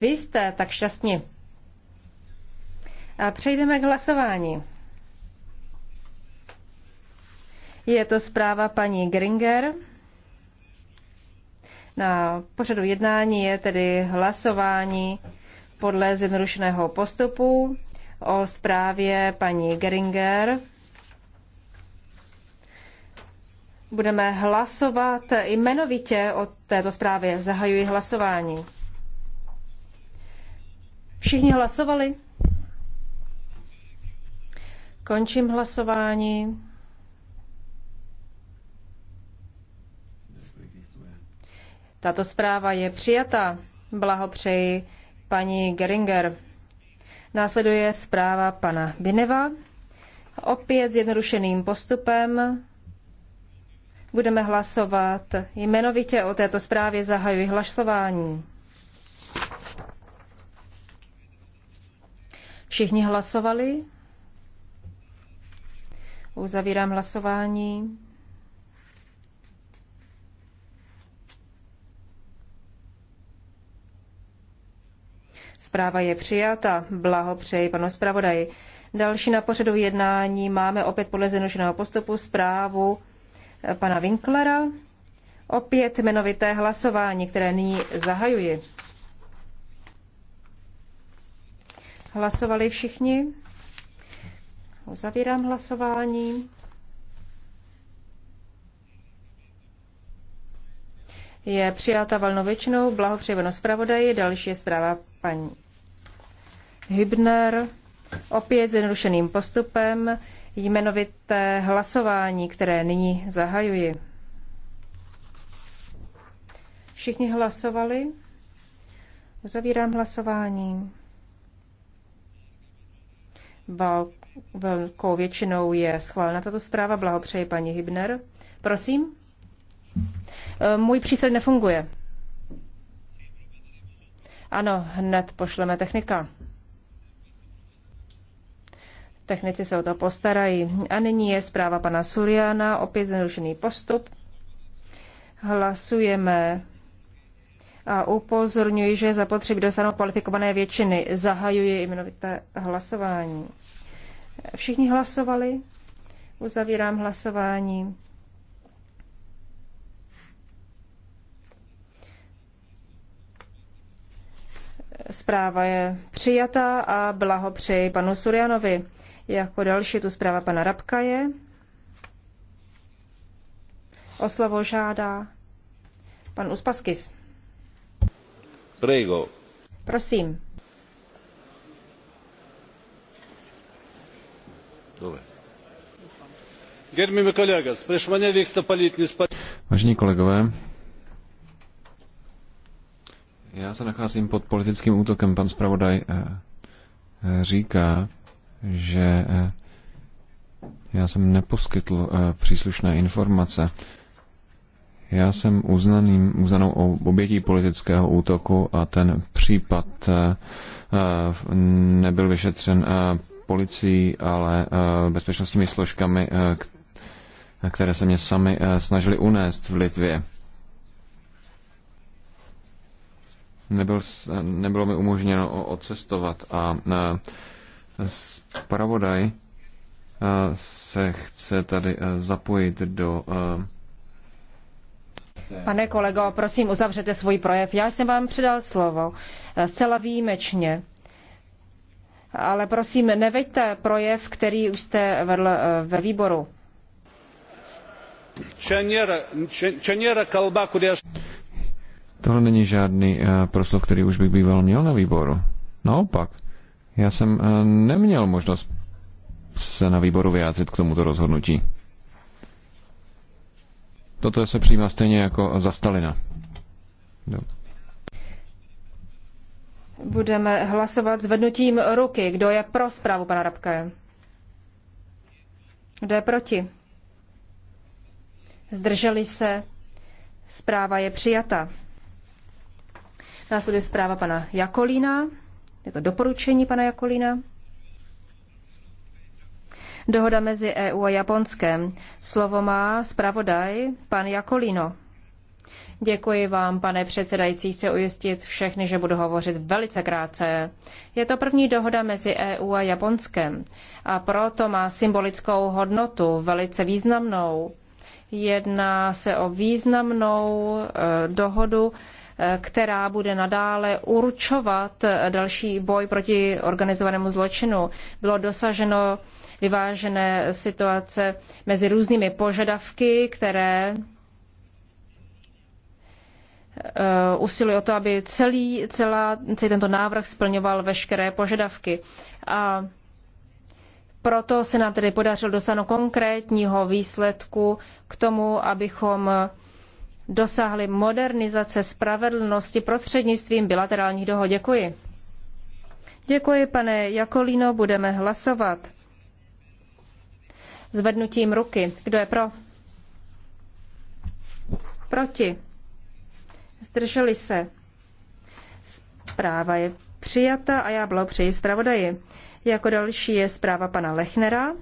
Vy jste tak šťastní. A přejdeme k hlasování. Je to zpráva paní Gringer. Na pořadu jednání je tedy hlasování podle zjednodušeného postupu o zprávě paní Geringer. Budeme hlasovat jmenovitě o této zprávě. Zahajuji hlasování. Všichni hlasovali? Končím hlasování. Tato zpráva je přijata. Blahopřeji paní Geringer. Následuje zpráva pana Bineva. Opět zjednodušeným postupem budeme hlasovat jmenovitě o této zprávě zahajuji hlasování. Všichni hlasovali? Uzavírám hlasování. Zpráva je přijata. Blahopřeji panu zpravodaji. Další na pořadu jednání máme opět podle zjednodušeného postupu zprávu pana Winklera. Opět jmenovité hlasování, které nyní zahajuji. Hlasovali všichni? Uzavírám hlasování. Je přijata většinou, blahopřejmeno zpravodaji. Další je zpráva paní Hybner. Opět zjednodušeným postupem jmenovité hlasování, které nyní zahajuji. Všichni hlasovali? Uzavírám hlasování. Velkou většinou je schválena tato zpráva. Blahopřeji paní Hybner. Prosím. E, můj přístroj nefunguje. Ano, hned pošleme technika. Technici se o to postarají. A nyní je zpráva pana Suriana, opět zrušený postup. Hlasujeme a upozorňuji, že je zapotřebí dosáhnout kvalifikované většiny. Zahajuji jmenovité hlasování. Všichni hlasovali? Uzavírám hlasování. Zpráva je přijata a blahopřeji panu Surianovi. Jako další tu zpráva pana Rabka je. O slovo žádá pan Uspaskis. Prosím. Vážení kolegové, já se nacházím pod politickým útokem. Pan zpravodaj eh, říká, že eh, já jsem neposkytl eh, příslušné informace. Já jsem uznaným, uznanou obětí politického útoku a ten případ eh, eh, nebyl vyšetřen eh, policií, ale bezpečnostními složkami, které se mě sami snažili unést v Litvě. Nebyl, nebylo mi umožněno odcestovat a zpravodaj se chce tady zapojit do Pane kolego, prosím, uzavřete svůj projev. Já jsem vám předal slovo eh, zcela výjimečně. Ale prosím, neveďte projev, který už jste vedl eh, ve výboru. Tohle není žádný eh, proslov, který už bych býval měl na výboru. Naopak, já jsem neměl možnost se na výboru vyjádřit k tomuto rozhodnutí. Toto se přijímá stejně jako za Stalina. Jo. No. Budeme hlasovat zvednutím ruky. Kdo je pro zprávu pana Rabka? Kdo je proti? Zdrželi se? Zpráva je přijata. Následuje zpráva pana Jakolína. Je to doporučení pana Jakolína. Dohoda mezi EU a Japonskem. Slovo má zpravodaj pan Jakolino. Děkuji vám, pane předsedající, se ujistit všechny, že budu hovořit velice krátce. Je to první dohoda mezi EU a Japonskem a proto má symbolickou hodnotu, velice významnou Jedná se o významnou eh, dohodu, eh, která bude nadále určovat eh, další boj proti organizovanému zločinu. Bylo dosaženo vyvážené situace mezi různými požadavky, které usilují o to, aby celý, celá, celý tento návrh splňoval veškeré požadavky. A proto se nám tedy podařilo dosáhnout konkrétního výsledku k tomu, abychom dosáhli modernizace spravedlnosti prostřednictvím bilaterálních dohod. Děkuji. Děkuji, pane Jakolino. budeme hlasovat. Zvednutím ruky. Kdo je pro? Proti. Zdrželi se. Zpráva je přijata a já blahopřeji zpravodaji. Jako další je zpráva pana Lechnera.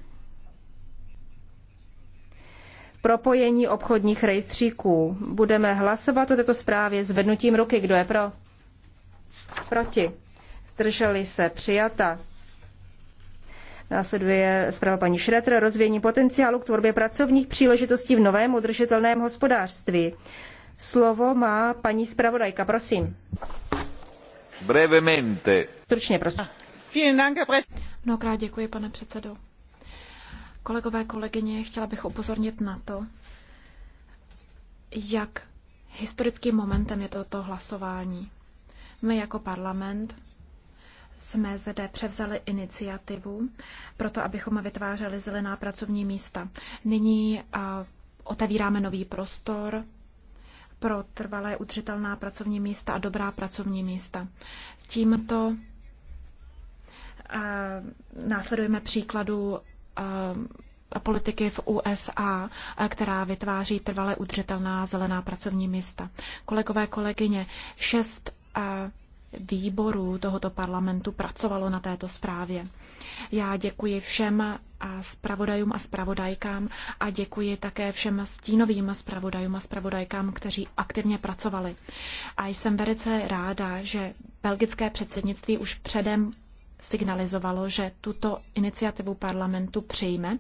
Propojení obchodních rejstříků. Budeme hlasovat o této zprávě s vednutím ruky. Kdo je pro? Proti. Zdrželi se přijata. Následuje zpráva paní Šretr, rozvíjení potenciálu k tvorbě pracovních příležitostí v novém udržitelném hospodářství. Slovo má paní zpravodajka, prosím. Brevemente. Stručně, prosím. Ah, Mnohokrát děkuji, pane předsedo. Kolegové, kolegyně, chtěla bych upozornit na to, jak historickým momentem je toto hlasování. My jako parlament jsme zde převzali iniciativu pro to, abychom vytvářeli zelená pracovní místa. Nyní otevíráme nový prostor pro trvalé udržitelná pracovní místa a dobrá pracovní místa. Tímto eh, následujeme příkladu eh, politiky v USA, eh, která vytváří trvalé udržitelná zelená pracovní místa. Kolegové, kolegyně, šest výborů tohoto parlamentu pracovalo na této zprávě. Já děkuji všem a spravodajům a spravodajkám a děkuji také všem stínovým spravodajům a spravodajkám, kteří aktivně pracovali. A jsem velice ráda, že belgické předsednictví už předem signalizovalo, že tuto iniciativu parlamentu přijme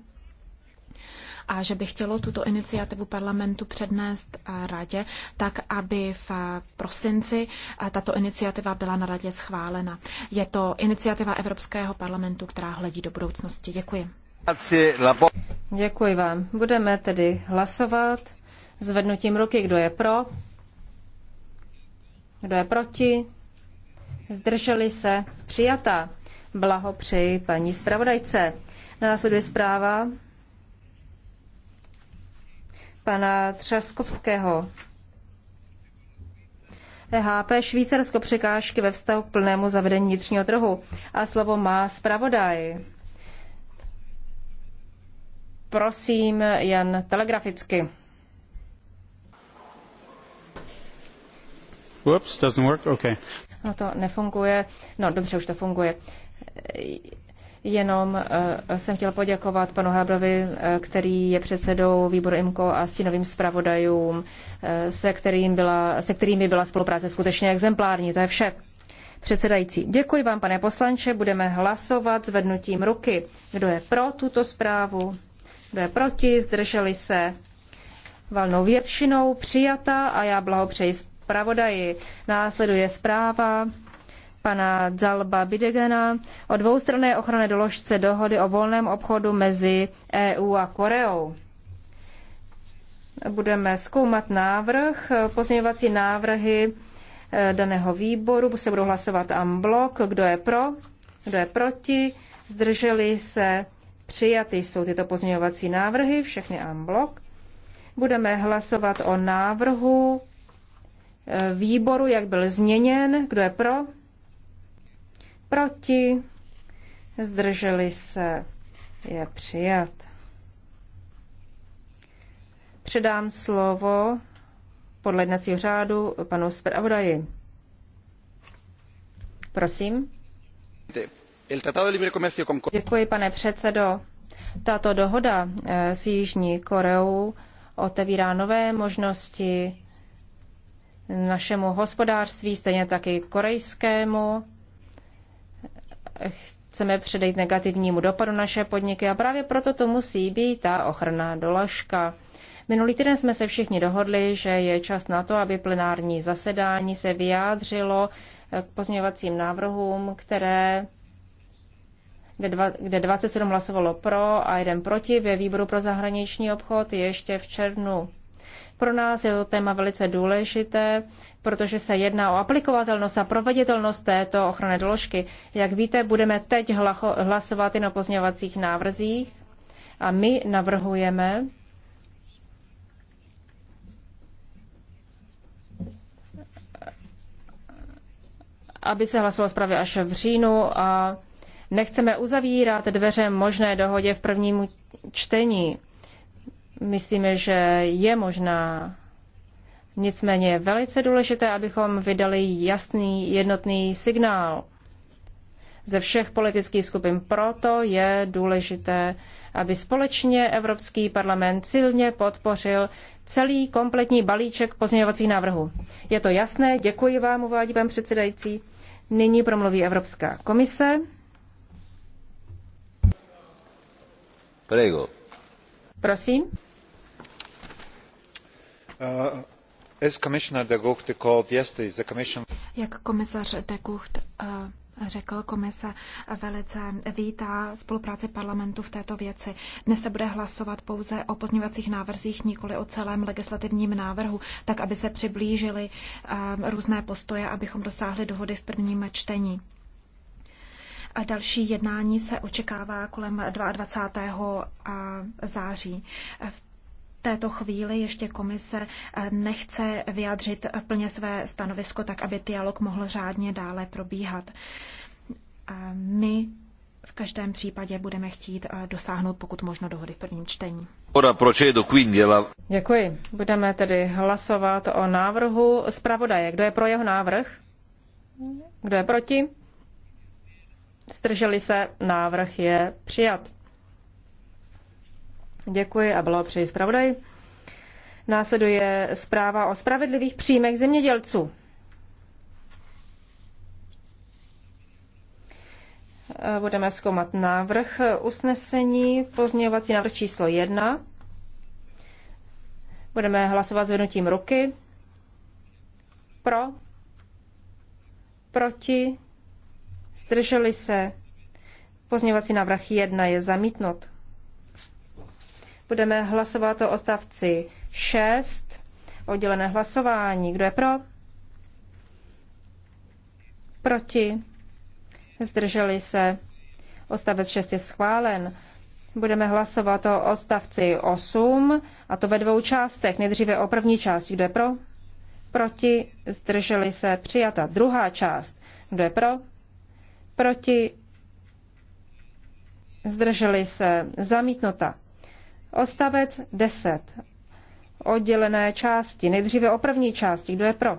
a že by chtělo tuto iniciativu parlamentu přednést eh, radě, tak aby v eh, prosinci eh, tato iniciativa byla na radě schválena. Je to iniciativa Evropského parlamentu, která hledí do budoucnosti. Děkuji. Děkuji vám. Budeme tedy hlasovat zvednutím ruky, kdo je pro, kdo je proti, zdrželi se, přijata. Blahopřeji paní zpravodajce. Následuje zpráva pana Třaskovského. EHP Švýcarsko překážky ve vztahu k plnému zavedení vnitřního trhu. A slovo má zpravodaj. Prosím, jen telegraficky. Whoops, doesn't work? Okay. No to nefunguje. No dobře, už to funguje. Jenom eh, jsem chtěl poděkovat panu uh, který je předsedou výboru IMCO a stínovým zpravodajům, eh, se, kterým byla, se kterými byla spolupráce skutečně exemplární. To je vše. Předsedající, děkuji vám, pane poslanče. Budeme hlasovat vednutím ruky. Kdo je pro tuto zprávu? Kdo je proti? Zdrželi se valnou většinou přijata a já blahopřeji zpravodaji. Následuje zpráva pana Dzalba Bidegena o dvoustranné ochranné doložce dohody o volném obchodu mezi EU a Koreou. Budeme zkoumat návrh, pozměňovací návrhy eh, daného výboru, se budou hlasovat amblok, kdo je pro, kdo je proti, zdrželi se, přijaty jsou tyto pozměňovací návrhy, všechny amblok. Budeme hlasovat o návrhu eh, výboru, jak byl změněn, kdo je pro, proti, zdrželi se, je přijat. Předám slovo podle jednacího řádu panu zpravodaji. Prosím. Děkuji, pane předsedo. Tato dohoda eh, s Jižní Koreou otevírá nové možnosti našemu hospodářství, stejně tak i korejskému chceme předejít negativnímu dopadu naše podniky a právě proto to musí být ta ochranná doložka. Minulý týden jsme se všichni dohodli, že je čas na to, aby plenární zasedání se vyjádřilo k pozměňovacím návrhům, které kde, 27 hlasovalo pro a jeden proti ve výboru pro zahraniční obchod ještě v červnu pro nás je to téma velice důležité, protože se jedná o aplikovatelnost a proveditelnost této ochranné doložky. Jak víte, budeme teď hlasovat i na pozměňovacích návrzích a my navrhujeme, aby se hlasovalo zprávě až v říjnu a nechceme uzavírat dveře možné dohodě v prvním čtení. Myslíme, že je možná. Nicméně je velice důležité, abychom vydali jasný, jednotný signál ze všech politických skupin. Proto je důležité, aby společně Evropský parlament silně podpořil celý kompletní balíček pozměňovacích návrhů. Je to jasné, děkuji vám, uvádí pan předsedající. Nyní promluví Evropská komise. Prego. Uh, Jak komisař de Gucht uh, řekl, komise velice vítá spolupráci parlamentu v této věci. Dnes se bude hlasovat pouze o pozměňovacích návrzích, nikoli o celém legislativním návrhu, tak aby se přiblížily uh, různé postoje, abychom dosáhli dohody v prvním čtení. A další jednání se očekává kolem 22. září. V této chvíli ještě komise nechce vyjádřit plně své stanovisko, tak aby dialog mohl řádně dále probíhat. My v každém případě budeme chtít dosáhnout pokud možno dohody v prvním čtení. Děkuji. Budeme tedy hlasovat o návrhu zpravodaje. Kdo je pro jeho návrh? Kdo je proti? Zdrželi se, návrh je přijat. Děkuji a bylo přeji zpravodaj. Následuje zpráva o spravedlivých příjmech zemědělců. Budeme zkoumat návrh usnesení, pozměňovací návrh číslo 1. Budeme hlasovat zvednutím ruky. Pro. Proti. Zdrželi se? Pozněvací návrh 1 je zamítnut. Budeme hlasovat o odstavci 6, oddělené hlasování. Kdo je pro? Proti? Zdrželi se? Odstavec 6 je schválen. Budeme hlasovat o odstavci 8, a to ve dvou částech. Nejdříve o první části. Kdo je pro? Proti? Zdrželi se? Přijata. Druhá část. Kdo je pro? proti, zdrželi se, zamítnota. Odstavec 10. Oddělené části. Nejdříve o první části. Kdo je pro?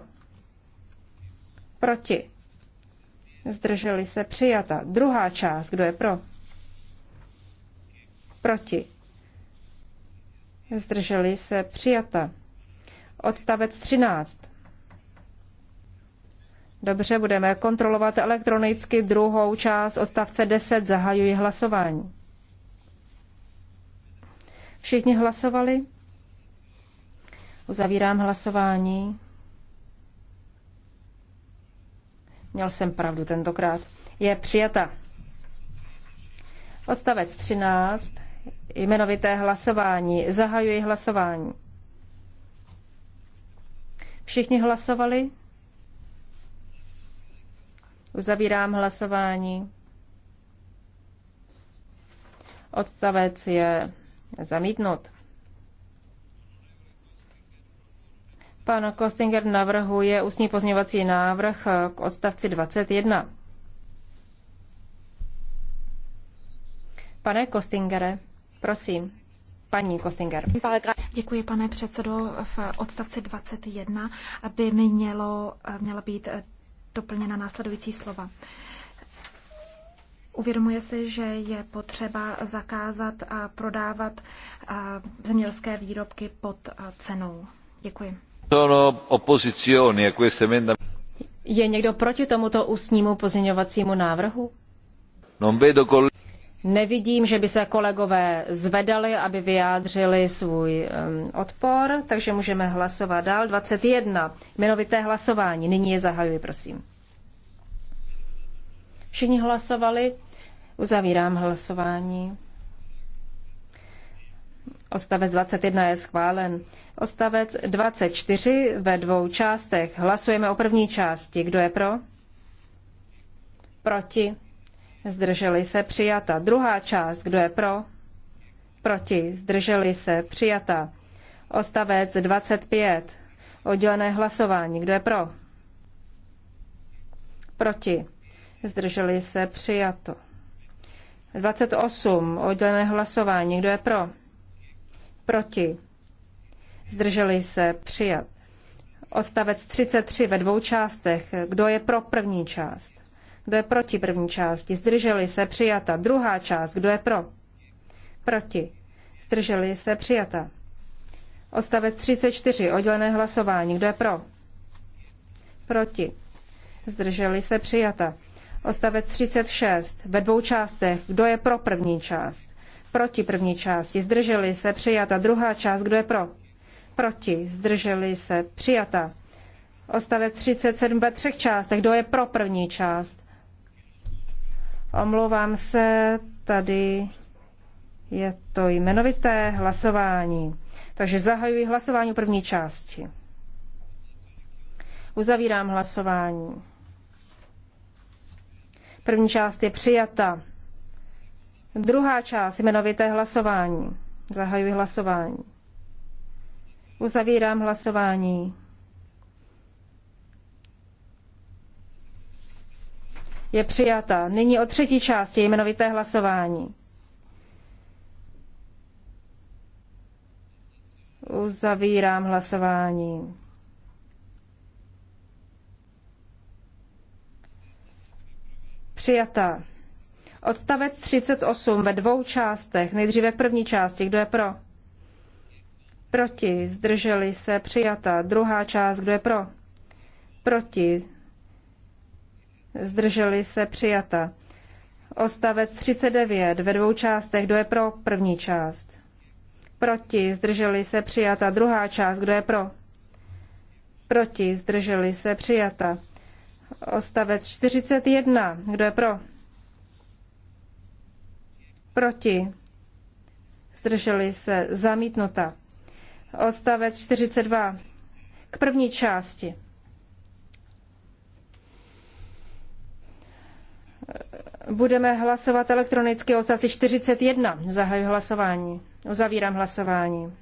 Proti. Zdrželi se přijata. Druhá část. Kdo je pro? Proti. Zdrželi se přijata. Odstavec 13. Dobře, budeme kontrolovat elektronicky druhou část odstavce 10. Zahajuji hlasování. Všichni hlasovali? Uzavírám hlasování. Měl jsem pravdu tentokrát. Je přijata. Odstavec 13. Jmenovité hlasování. Zahajuji hlasování. Všichni hlasovali? Uzavírám hlasování. Odstavec je zamítnut. Pan Kostinger navrhuje ústní pozměňovací návrh k odstavci 21. Pane Kostingere, prosím. Paní Kostinger. Děkuji, pane předsedo. V odstavci 21 by mělo, měla být doplněna následující slova. Uvědomuje si, že je potřeba zakázat a prodávat zemědělské výrobky pod cenou. Děkuji. Je někdo proti tomuto ústnímu pozměňovacímu návrhu? Nevidím, že by se kolegové zvedali, aby vyjádřili svůj odpor, takže můžeme hlasovat dál. 21. Jmenovité hlasování. Nyní je zahajuji, prosím. Všichni hlasovali. Uzavírám hlasování. Odstavec 21 je schválen. Odstavec 24 ve dvou částech. Hlasujeme o první části. Kdo je pro? Proti? zdrželi se přijata. Druhá část, kdo je pro, proti, zdrželi se přijata. Ostavec 25, oddělené hlasování, kdo je pro, proti, zdrželi se přijato. 28, oddělené hlasování, kdo je pro, proti, zdrželi se přijat. Odstavec 33 ve dvou částech, kdo je pro první část? Kdo je proti první části? Zdrželi se přijata. Druhá část. Kdo je pro? Proti. Zdrželi se přijata. Odstavec 34. Oddělené hlasování. Kdo je pro? Proti. Zdrželi se přijata. Odstavec 36. Ve dvou částech. Kdo je pro první část? Proti první části. Zdrželi se přijata. Druhá část. Kdo je pro? Proti. Zdrželi se přijata. Odstavec 37 ve třech částech. Kdo je pro první část? Omlouvám se, tady je to jmenovité hlasování. Takže zahajuji hlasování první části. Uzavírám hlasování. První část je přijata. Druhá část jmenovité hlasování. Zahajuji hlasování. Uzavírám hlasování. je přijata. Nyní o třetí části jmenovité hlasování. Uzavírám hlasování. Přijata. Odstavec 38 ve dvou částech. Nejdříve k první části. Kdo je pro? Proti. Zdrželi se. Přijata. Druhá část. Kdo je pro? Proti zdrželi se přijata. Odstavec 39 ve dvou částech, kdo je pro první část. Proti, zdrželi se přijata. Druhá část, kdo je pro? Proti, zdrželi se přijata. Ostavec 41, kdo je pro? Proti, zdrželi se zamítnuta. Ostavec 42 k první části. Budeme hlasovat elektronicky o sasi 41. Zahajuji hlasování. Uzavírám hlasování.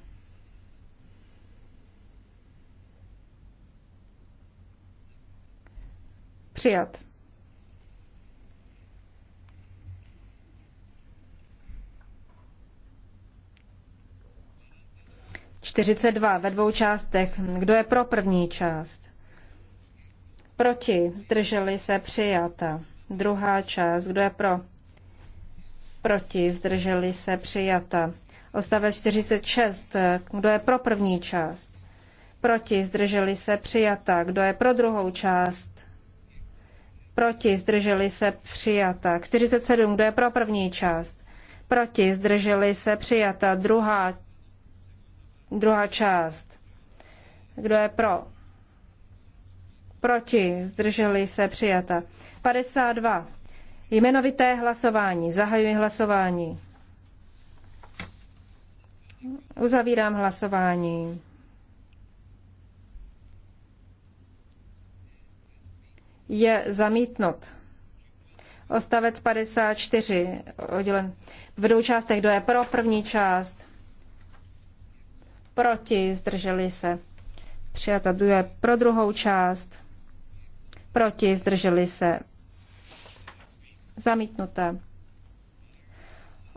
Přijat. Čtyřicet dva ve dvou částech. Kdo je pro první část? Proti. Zdrželi se přijata. Druhá část. Kdo je pro? Proti. Zdrželi se. Přijata. Ostavec 46. Kdo je pro první část? Proti. Zdrželi se. Přijata. Kdo je pro druhou část? Proti. Zdrželi se. Přijata. 47. Kdo je pro první část? Proti. Zdrželi se. Přijata. Druhá, druhá část. Kdo je pro? proti, zdrželi se přijata. 52. Jmenovité hlasování. Zahajuji hlasování. Uzavírám hlasování. Je zamítnut. Ostavec 54, oddělen v dvou částech. Kdo je pro první část? Proti, zdrželi se. Přijata. Kdo je pro druhou část? proti, zdrželi se. Zamítnuté.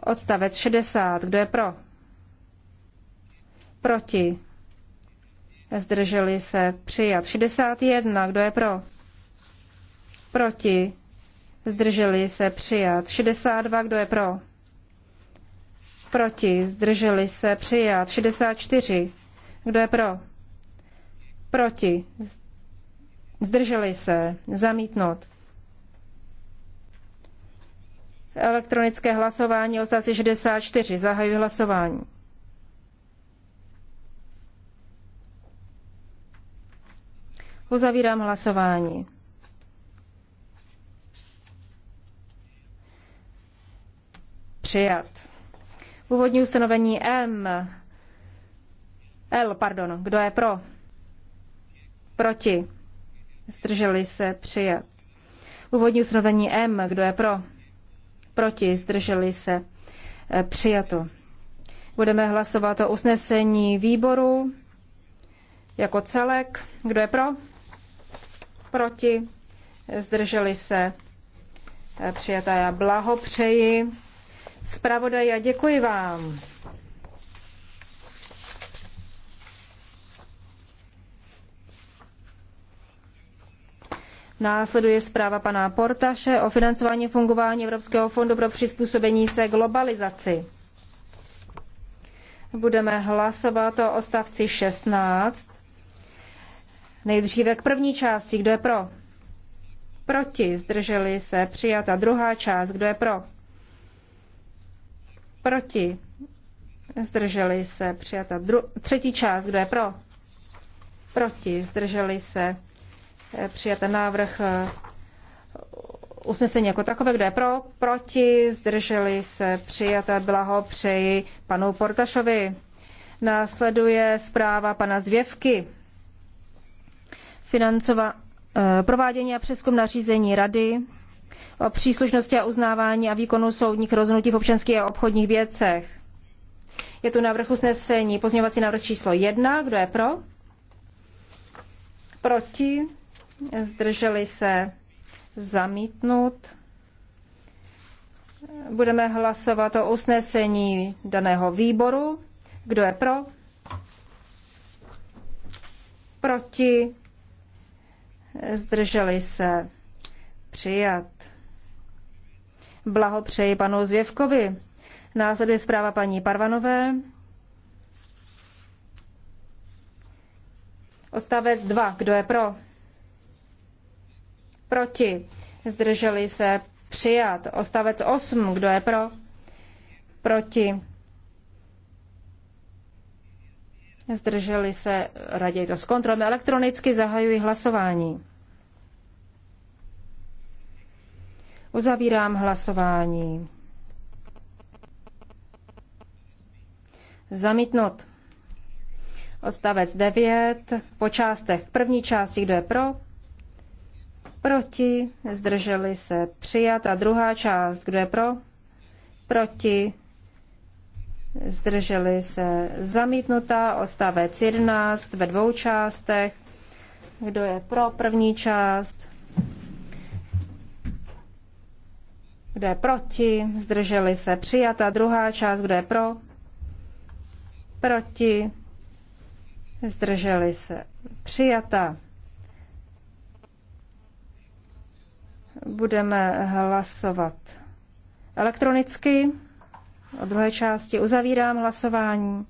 Odstavec 60. Kdo je pro? Proti. Zdrželi se. Přijat. 61. Kdo je pro? Proti. Zdrželi se. Přijat. 62. Kdo je pro? Proti. Zdrželi se. Přijat. 64. Kdo je pro? Proti. Zdrželi zdrželi se, zamítnout. Elektronické hlasování o 64. Zahajuji hlasování. Uzavírám hlasování. Přijat. Úvodní ustanovení M. L, pardon. Kdo je pro? Proti. Zdrželi se přijat. Úvodní ustanovení M. Kdo je pro? Proti? Zdrželi se eh, přijato. Budeme hlasovat o usnesení výboru jako celek. Kdo je pro? Proti? Zdrželi se eh, přijatá. Já blahopřeji. Zpravodaj, já děkuji vám. Následuje zpráva pana Portaše o financování fungování Evropského fondu pro přizpůsobení se globalizaci. Budeme hlasovat o odstavci 16. Nejdříve k první části. Kdo je pro? Proti. Zdrželi se. Přijata. Druhá část. Kdo je pro? Proti. Zdrželi se. Přijata. Dru- třetí část. Kdo je pro? Proti. Zdrželi se přijat ten návrh eh, usnesení jako takové, kdo je pro, proti, zdrželi se přijata, byla ho přeji panu Portašovi. Následuje zpráva pana Zvěvky. Financova, eh, provádění a přeskum nařízení rady o příslušnosti a uznávání a výkonu soudních rozhodnutí v občanských a obchodních věcech. Je tu návrh usnesení, pozměňovací návrh číslo 1, kdo je pro? Proti? zdrželi se zamítnout. Budeme hlasovat o usnesení daného výboru. Kdo je pro? Proti? Zdrželi se přijat. Blahopřeji panu Zvěvkovi. Následuje zpráva paní Parvanové. Ostavec 2. Kdo je pro? Proti? Zdrželi se? Přijat. Ostavec 8. Kdo je pro? Proti? Zdrželi se? Raději to zkontrolujeme. Elektronicky zahajuji hlasování. Uzavírám hlasování. Zamítnut. Odstavec 9. Po částech. První části, kdo je pro? Proti? Zdrželi se přijat. A druhá část, kdo je pro? Proti? Zdrželi se zamítnutá. Ostavec 11 ve dvou částech. Kdo je pro první část? Kdo je proti? Zdrželi se přijata. Druhá část, kdo je pro? Proti? Zdrželi se přijata. Budeme hlasovat elektronicky. O druhé části uzavírám hlasování.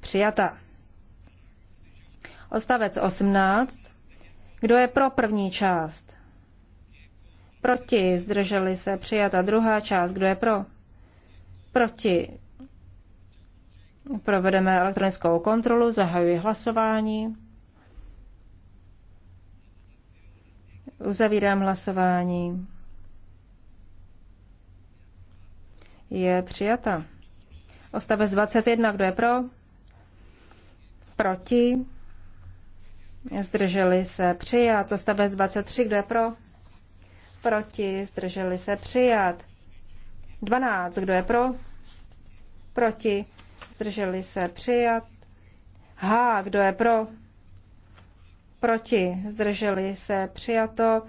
Přijata. Odstavec 18. Kdo je pro první část? Proti. Zdrželi se. Přijata druhá část. Kdo je pro? Proti. Provedeme elektronickou kontrolu. Zahajuji hlasování. Uzavírám hlasování. Je přijata. Ostavec 21, kdo je pro? Proti? Zdrželi se přijat. Ostavec 23, kdo je pro? Proti? Zdrželi se přijat. 12, kdo je pro? Proti? Zdrželi se přijat. H, kdo je pro? proti, zdrželi se, přijato.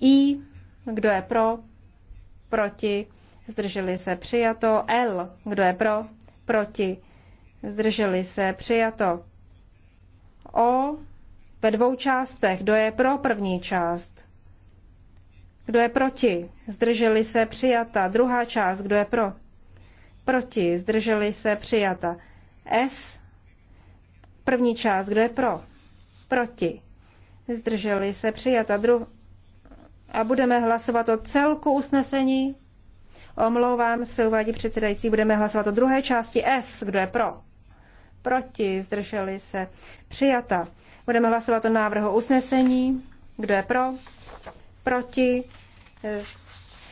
I, kdo je pro, proti, zdrželi se, přijato. L, kdo je pro, proti, zdrželi se, přijato. O, ve dvou částech, kdo je pro první část, kdo je proti, zdrželi se, přijata. Druhá část, kdo je pro, proti, zdrželi se, přijata. S, první část, kdo je pro, proti, zdrželi se přijata dru- a budeme hlasovat o celku usnesení. Omlouvám se, uvádí předsedající, budeme hlasovat o druhé části S, kdo je pro. Proti, zdrželi se přijata. Budeme hlasovat o návrhu usnesení, kdo je pro, proti. Eh,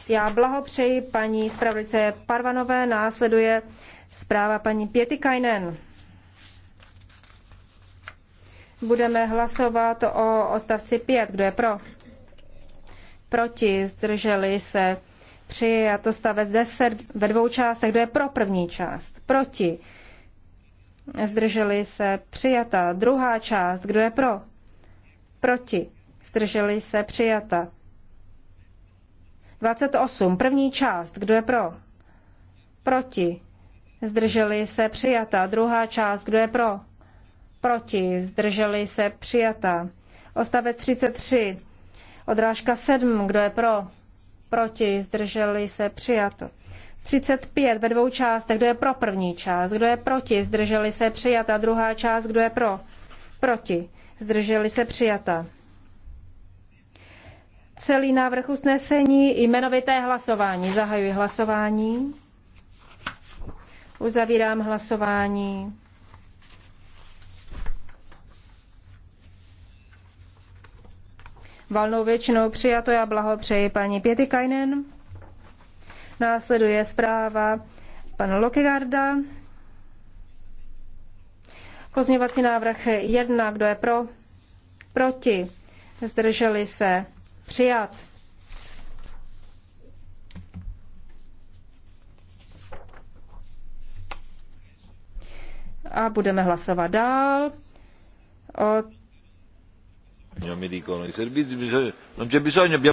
já blahopřeji paní zpravodajce Parvanové, následuje zpráva paní Pětikajnen. Budeme hlasovat o odstavci 5. Kdo je pro? Proti? Zdrželi se? Přijat odstavec 10 ve dvou částech. Kdo je pro první část? Proti? Zdrželi se? Přijata. Druhá část. Kdo je pro? Proti? Zdrželi se? Přijata. 28. První část. Kdo je pro? Proti? Zdrželi se? Přijata. Druhá část. Kdo je pro? proti, zdrželi se, přijata. Odstavec 33, odrážka 7, kdo je pro, proti, zdrželi se, přijato. 35 ve dvou částech, kdo je pro první část, kdo je proti, zdrželi se, přijata. Druhá část, kdo je pro, proti, zdrželi se, přijata. Celý návrh usnesení, jmenovité hlasování. Zahajuji hlasování. Uzavírám hlasování. valnou většinou přijato. Já blahopřeji paní Pětikajnen. Následuje zpráva pana Lokegarda. Pozměňovací návrh jedna, Kdo je pro? Proti? Zdrželi se? Přijat. A budeme hlasovat dál o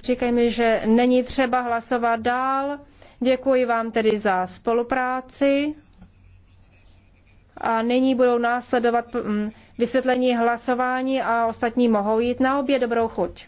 Říkají že není třeba hlasovat dál. Děkuji vám tedy za spolupráci. A nyní budou následovat mm, vysvětlení hlasování a ostatní mohou jít na obě. Dobrou chuť.